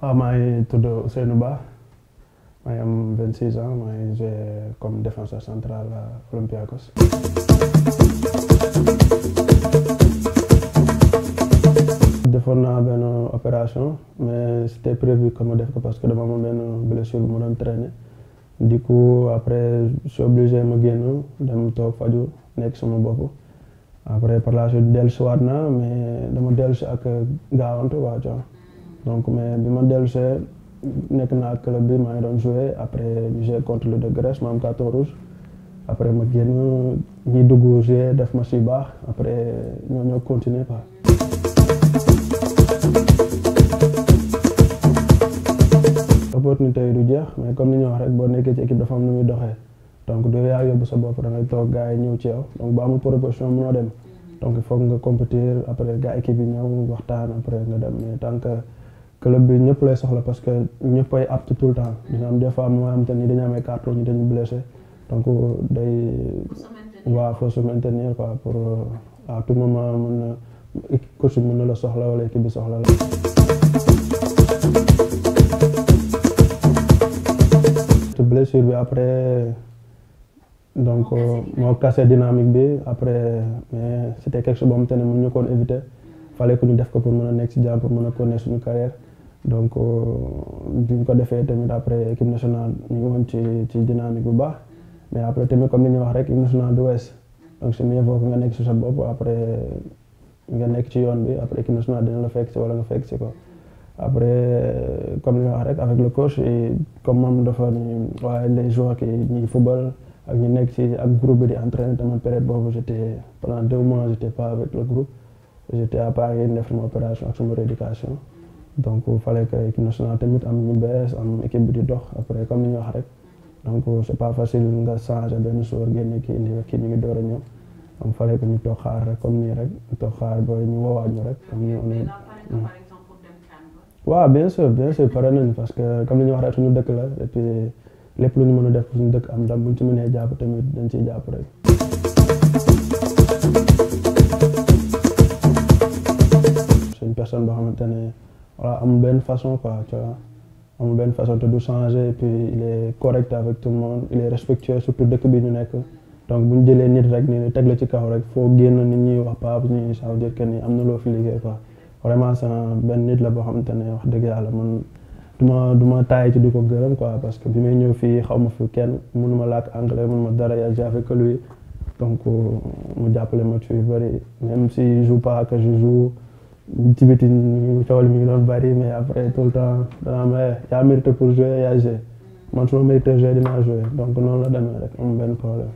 a ah, maa ngi tudd Ousseynou Ba maa ngi am 26 ans maa ngi joué comme défenseur central à Olympiakos. defoon naa benn opération mais c'était prévu que def ko parce que dama amoon benn blessure bu ma doon traîner du coup après je suis obligé ma génn dem toog faju nekk sama bopp. après par la suite dellusiwaat naa mais dama si ak gaawantu waa donc mais bi ma dellu see club bi maa ngi joué après ñu joué contre le de Grèce ma am 14 après ma génn ñi dugg joué def ma si baax après ñoo ñoo continuer quoi. opportunité yi du jeex mais comme ni ñu wax rek boo nekkee ci équipe dafa am nu muy doxee donc doo yaa yóbbu sa bopp da gars yi proposition dem mm-hmm. donc il faut nga compétir après gars équipe yi ñëw club bi ñëpp lay soxla parce que ñëpp ay apte tout le temps dina am des fois moo am te ni dañu amee carton ñi dañu blessé donc day waaw faut se maintenir quoi pour euh, à tout moment mën coach mën la soxla wala équipe bi soxla la te blessure bi après donc moo cassé euh, dynamique bi après mais c'était quelque chose boo xamante ne mën ñu éviter fallait que ñu def ko pour mën a nekk si pour mën a connaître suñu carrière donc euh, bi ñu ko defee tamit après équipe nationale ñu ngi woon ci ci dynamique bu baax mais après tamit comme ni ñuy wax rek équipe nationale du Ouest donc c'est mieux vaut nga nekk si sa bopp après nga nekk ci yoon bi après équipe nationale dina la fekk ci wala nga fekk ci ko après comme ni ñuy wax rek avec le coach comme moom dafa ni waaye les joueurs qui ñuy football ak ñu nekk ci ak groupe bi di entraîner tamit période boobu j'étais pendant deux mois j'étais pas avec le groupe j'étais à Paris def sama opération ak sama rééducation donc fallait que l'équipe nationale tamit am ñu bees am équipe bi di dox après comme ni ñu wax rek donc c'est pas facile nga changer benn joueur génne kii indi kii mi ngi door a ñëw donc fallait que ñu toog xaar rek comme nii rek ñu toog xaar ba ñu woowaat ñu rek comme ñu on waaw bien sûr bien sûr nañ parce que comme ñu wax rek suñu dëkk la et puis lépp lu ñu mën a def suñu dëkk am ndam buñ ci mënee jàpp tamit dañ ciy jàpp rek personne boo xamante voilà, une bonne façon, quoi, tu vois. Une bonne façon tout tout changer, et puis il est correct avec tout le monde, il est respectueux, surtout dès que nous sommes. Donc, si nous avons des gens qui sont en train de se faire, il faut que nous ça veut dire que nous avons des gens Vraiment, c'est un bon nid là-bas, je suis en train de duma duma taay ci di ko gërëm quoi parce que bi may ñëw fii xaw ma fi kenn mënuma làkk anglais mënuma dara ya jafe que lui donc euh, mu jàppale ma ci yu bëri même si je joue pas que je joue ci biti coow li mi ngi doon bari mais après tout le temps danaa ma yaa mérité pour jouer yaa joué man su ma mérité jouer dinaa jouer donc noonu la demee rek amul benn problème.